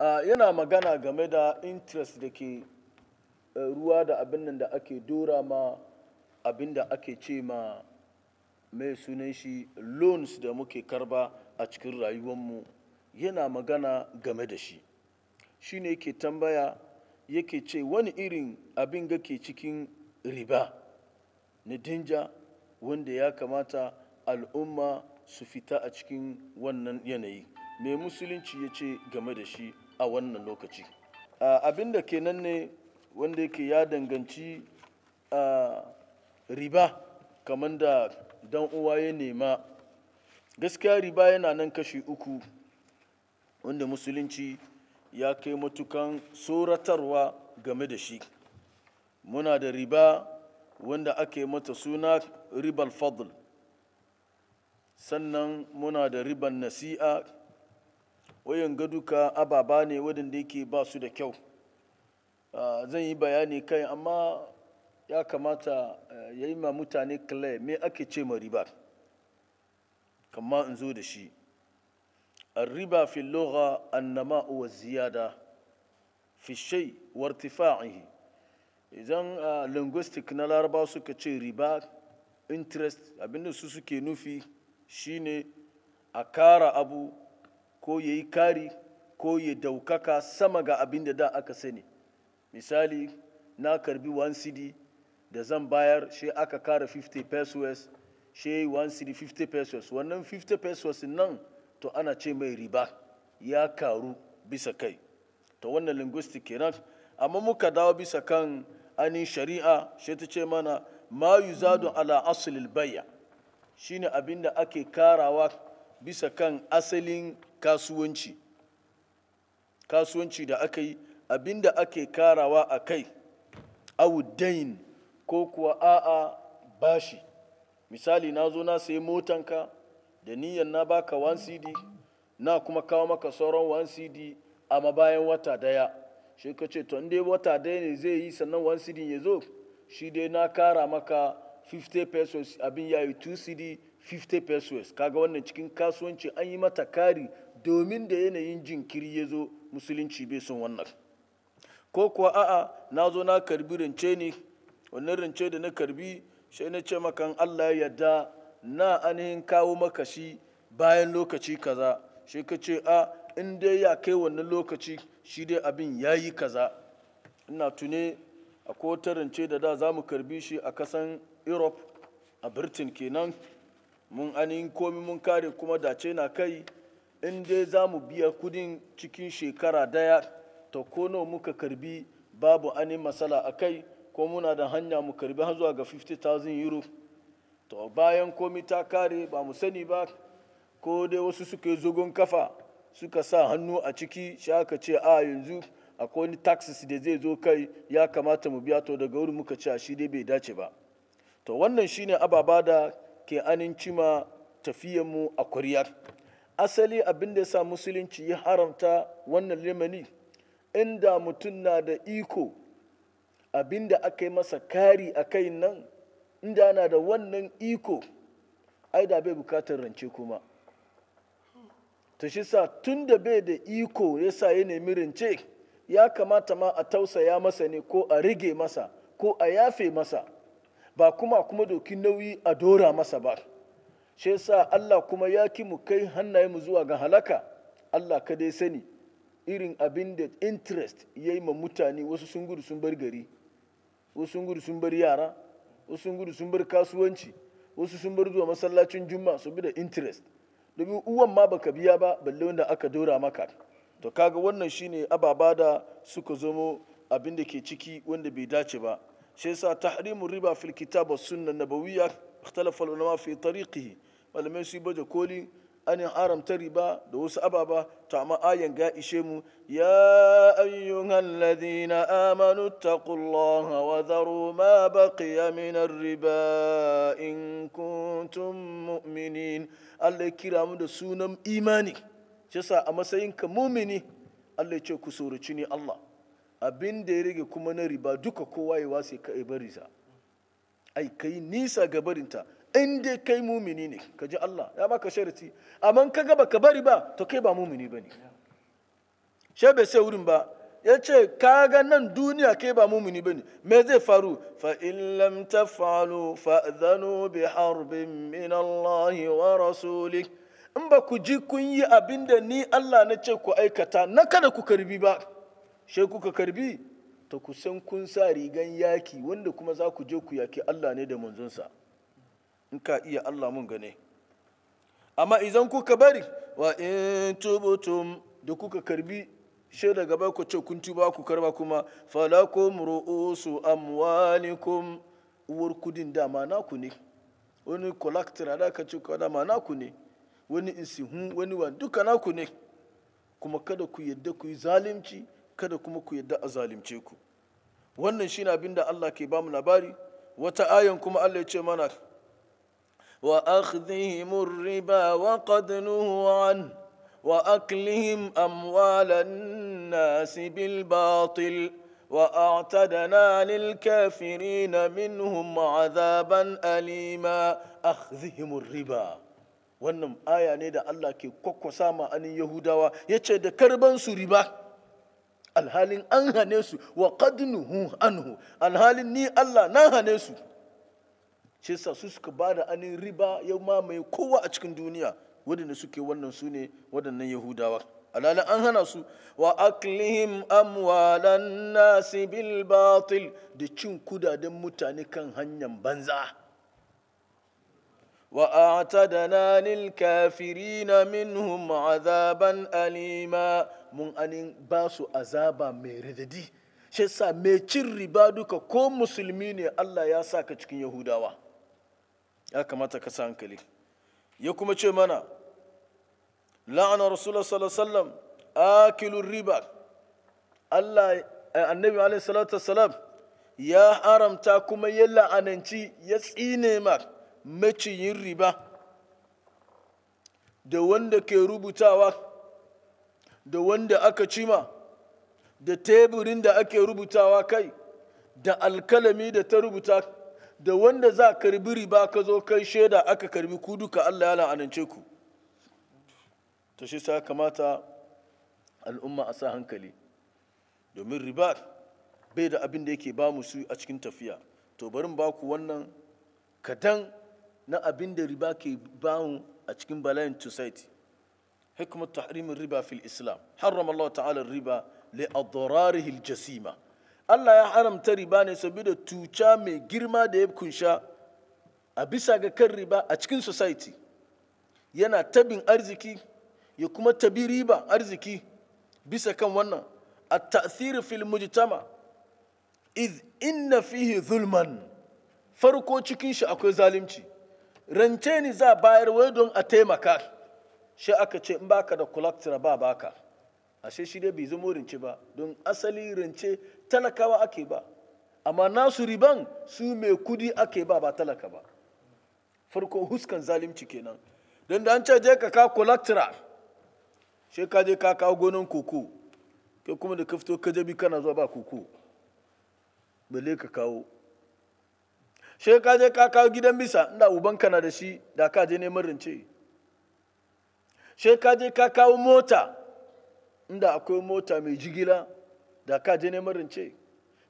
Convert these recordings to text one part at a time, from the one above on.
Ah, yana magana game da interest da ke eh, ruwa da abin nan da ake dora ma abin da ake ce ma mai sunan shi loans da muke karba a cikin rayuwanmu yana magana game da shi shi ne yake tambaya yake ce wani irin abin ga ke cikin riba na dinja wanda ya kamata al'umma su fita a cikin wannan yanayi mai musulunci ya ce game da shi a wannan lokaci abin da kenan ne wanda yake ya danganci riba kamar da dan uwa ya nema gaskiya riba yana nan kashi uku wanda musulunci ya kai matukan tsoratarwa game da shi muna da riba wanda ake mata suna ribal fadl sannan muna da riban nasi'a wayan ga duka ababa ne waɗanda yake ba su da kyau zan yi bayani kai amma ya kamata ya yi ma mutane kalai me ake ce ma riba kama in zo da shi riba الربا في اللغة النماء والزيادة في الشيء وارتفاعه idan linguistic na laraba suka ce riba interest abinda su suke nufi shine a kara abu ko ya yi kari ko ya daukaka sama ga abin da da aka sani misali na karbi 1 cd da zan bayar shi aka kara 50 pesos shi 1 cd 50 pesos wannan 50 pesos nan to ana ce mai riba ya karu bisa kai to wannan linguistic kenan amma muka dawo bisa kan anin shari'a shi ta ce mana ma yuzadu ala asulil bayya shine abin da ake karawa bisa kan asalin kasuwanci kasuwanci da aka yi abinda ake karawa a kai awudain ko kuwa a'a bashi misali na zo na sayi motanka da niyan na baka 1 cd na kuma kawo maka sauran 1 cd amma bayan wata daya shi ka ce to wata daya ne zai yi sannan 1 cd ya zo shi dai na kara maka 50 pesos abin ya 2 cd 50 pesos kaga wannan cikin kasuwanci an yi mata kari domin da yanayin jinkiri ya zo musulunci bai son wannan ko kuwa a'a na zo na karbi rance ne wannan rance da na karbi sai na ce makan allah yadda na ainihin kawo maka shi bayan lokaci kaza shi ka ce a in dai ya kai wannan lokaci shi dai abin ya yi kaza ina tune a rance da da za mu karbi shi a kasan europe a britain kenan mun anin komi mun kare kuma dace na kai in dai za mu biya kudin cikin shekara daya ko nawa muka karbi babu anin matsala a kai ko muna da hanya mu karbi har zuwa ga 50,000 euro to bayan komi ta kare ba mu sani ba ko dai wasu suka yi zogon kafa suka sa hannu a ciki shi aka ce a yanzu akwai wani taxis da zai zo kai ya kamata mu biya to daga wurin muka ce shi dai bai dace ba to wannan shine ababa da ke anin cima mu a kuriyar asali abin da ya sa musulunci ya haramta wannan limani inda mutum na da iko abin da aka yi masa kari a kai nan inda na da wannan iko ai da bai bukatar rance kuma ta shi sa tun da bai da iko ya sa ya nemi rance ya kamata ma a tausaya masa ne ko a rige masa ko a yafe masa ba kuma kuma dokin nauyi a dora masa ba shi yasa Allah kuma ya ki mu kai hannaye mu zuwa ga halaka Allah ka dai sani irin abin da interest ya yi ma mutane wasu sun gudu sun bar gari wasu sun gudu sun bar yara wasu sun gudu sun bar kasuwanci wasu sun bar zuwa masallacin juma su bi interest domin uwan ma baka biya ba balle wanda aka dora maka to kaga wannan shine ababa da suka zomo abin da ke ciki wanda bai dace ba شيسا تحريم الربا في الكتاب والسنة النبوية اختلف العلماء في طريقه ولم يسيب كولي أنا أرم تربا دوس أبابا تعمى آيا قائشيم يا أيها الذين آمنوا اتقوا الله وذروا ما بقي من الربا إن كنتم مؤمنين الله كرام سونم إيماني شيسا أما سينك مؤمني الله يتشوكو سورة الله abin da ya rage kuma na riba duka kowa ya wasu ka bari sa ai kai nisa ga barinta in dai kai mumini ne ka ji Allah ya baka sharati amma ka gaba ka bari ba to kai ba mumini bane shi bai sai wurin ba ya ce kaga nan duniya kai ba mumini bane me zai faru fa in lam taf'alu fa'dhanu bi harbin min Allah wa rasulih in ba ku ji kun yi abin ni Allah na ce ku aikata na kada ku karbi ba she kuka karbi ta kusan kun sa rigan yaki wanda kuma za ku je ku yaki Allah ne da manzonsa in ka iya Allah mun gane amma idan kuka bari wa in tubutum da kuka karbi she daga ba ku ce kun tuba ku karba kuma falakum ru'usu amwalikum uwar kudin dama naku ne wani collector da ka ce dama naku ne wani insihun wani wani duka naku ne kuma kada ku yadda ku yi zalimci kada kuma ku yadda a zalimce ku wannan shine abin da Allah ke ba mu labari wata ayan kuma Allah ya ce mana wa akhdhihim riba wa qad nuhu an wa aklihim amwalan nas bil batil wa a'tadna lil kafirin minhum azaban alima akhdhihim riba wannan aya ne da Allah ke kokkosa ma anin Yahudawa yace da karban su riba alhalin an hane su wa qadnuhu anhu alhalin ni Allah na hane su shi sa su suka bada anin riba ya mamaye kowa a cikin duniya wadanda suke wannan su ne waɗannan yahudawa alhalin an hana su wa aklihim amwalan nasi bil batil da cin kudaden mutane kan hanyar banza وأعتدنا للكافرين منهم عذابا أليما من أن باسو عذابا ميرددي shi yasa mai cin riba duka ko musulmi ne Allah ya sa ka cikin Yahudawa ya kamata ka sa hankali ya kuma ce mana la'ana rasulullah sallallahu alaihi wasallam akilur riba eh, annabi alaihi salatu ya haramta kuma ya la'ananci ya tsine ma. maciyin riba da wanda ke rubutawa da wanda aka cima da teburin da ake rubutawa kai da alkalami da ta rubuta da wanda za karbi riba ka zo kai shaida aka karbi ku duka Allah ya la'anance ku ta shi sa kamata al'umma a sa hankali domin riba bai da abin da yake ba su a cikin tafiya to barin baku wannan kadan na abin da riba ke bamu a cikin bala'in society hikmat tahrimin riba fil islam haram Allah ta'ala riba li adrarihi jasima Allah ya haramta riba ne saboda tuca mai girma da ya kunsha a bisa ga kan riba a cikin society yana tabin arziki ya kuma tabi riba arziki bisa kan wannan a ta'thiri fil mujtama iz inna fihi zulman farko cikin shi akwai zalimci rance ni za bayar wai don a taimaka shi aka ce in baka da collector ba baka ashe shi dai bai zama rance ba don asali rance talakawa ake ba amma nasu riban su mai kudi ake ba ba talaka ba farko huskan zalunci kenan don da an ce je ka ka collector shi ka je ka kawo gonan koko kai kuma da ka fito ka jabi kana zuwa ba koko balle ka kawo she ka je ka kawo gidan bisa inda ubanka na da shi da ka je neman rance she ka je ka kawo mota inda akwai mota mai jigila da ka je neman rance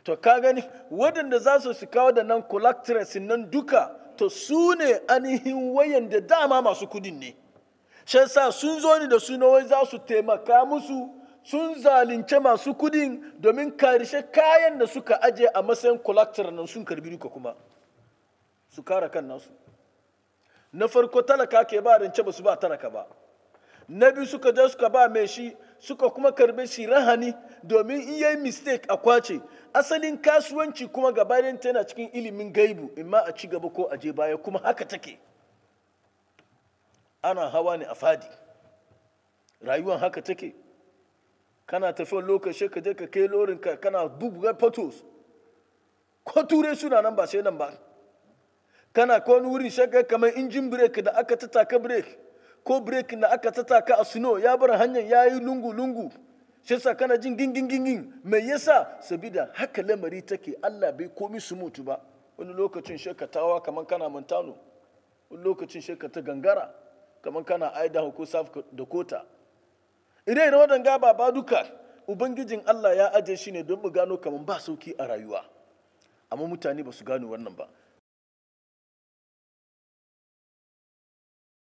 to ka gani waɗanda za su kawo da nan collectors nan duka to su ne ainihin wayan da dama masu kudin ne shi sa sun zo ni da suna wai za su taimaka musu sun zalunce masu kudin domin karshe kayan da suka aje a matsayin collector nan sun karbi duka kuma su kara kan nasu na farko talaka ke ba rance ba su ba talaka ba na biyu suka je suka ba mai shi suka kuma karbe shi rahani domin in yi mistake a kwace asalin kasuwanci kuma gabanin yana cikin ilimin gaibu imma a ci gaba ko a je baya kuma haka take ana hawa ne a fadi rayuwan haka take kana tafiyar lokaci ka je ka kai lorinka kana buga photos ko ture suna nan ba sai nan ba kana ko wani wurin shaka kamar injin break da aka tattaka break ko break da aka tattaka a suno ya bar hanyar ya yi lungu-lungu shi sa kana jin gingin gingin mai yasa sabida haka lamari take Allah bai komi su mutu ba wani lokacin shakatawa kamar kana montano wani lokacin shakata gangara kamar kana Idaho ko South Dakota ire ire wadanga ba duka ubangijin Allah ya ajiye shi ne don mu gano kamar ba sauki a rayuwa amma mutane ba su gano wannan ba